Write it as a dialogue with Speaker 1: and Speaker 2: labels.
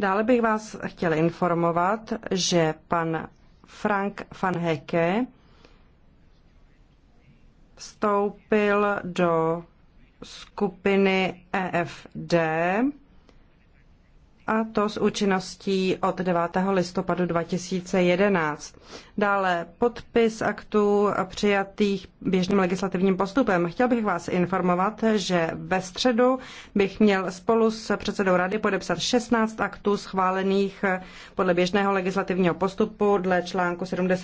Speaker 1: Dále bych vás chtěl informovat, že pan Frank van Heke vstoupil do skupiny EFD a to s účinností od 9. listopadu 2011. Dále podpis aktů přijatých běžným legislativním postupem. Chtěl bych vás informovat, že ve středu bych měl spolu s předsedou rady podepsat 16 aktů schválených podle běžného legislativního postupu dle
Speaker 2: článku 70